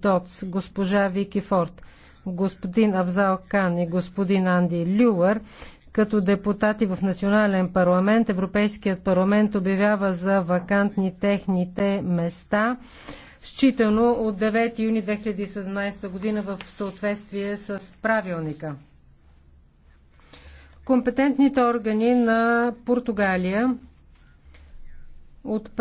Доц, госпожа Вики Форд, господин Авзал Кан и господин Анди Люър като депутати в национален парламент. Европейският парламент обявява за вакантни техните места, считано от 9 юни 2017 година в съответствие с правилника. Компетентните органи на Португалия отправят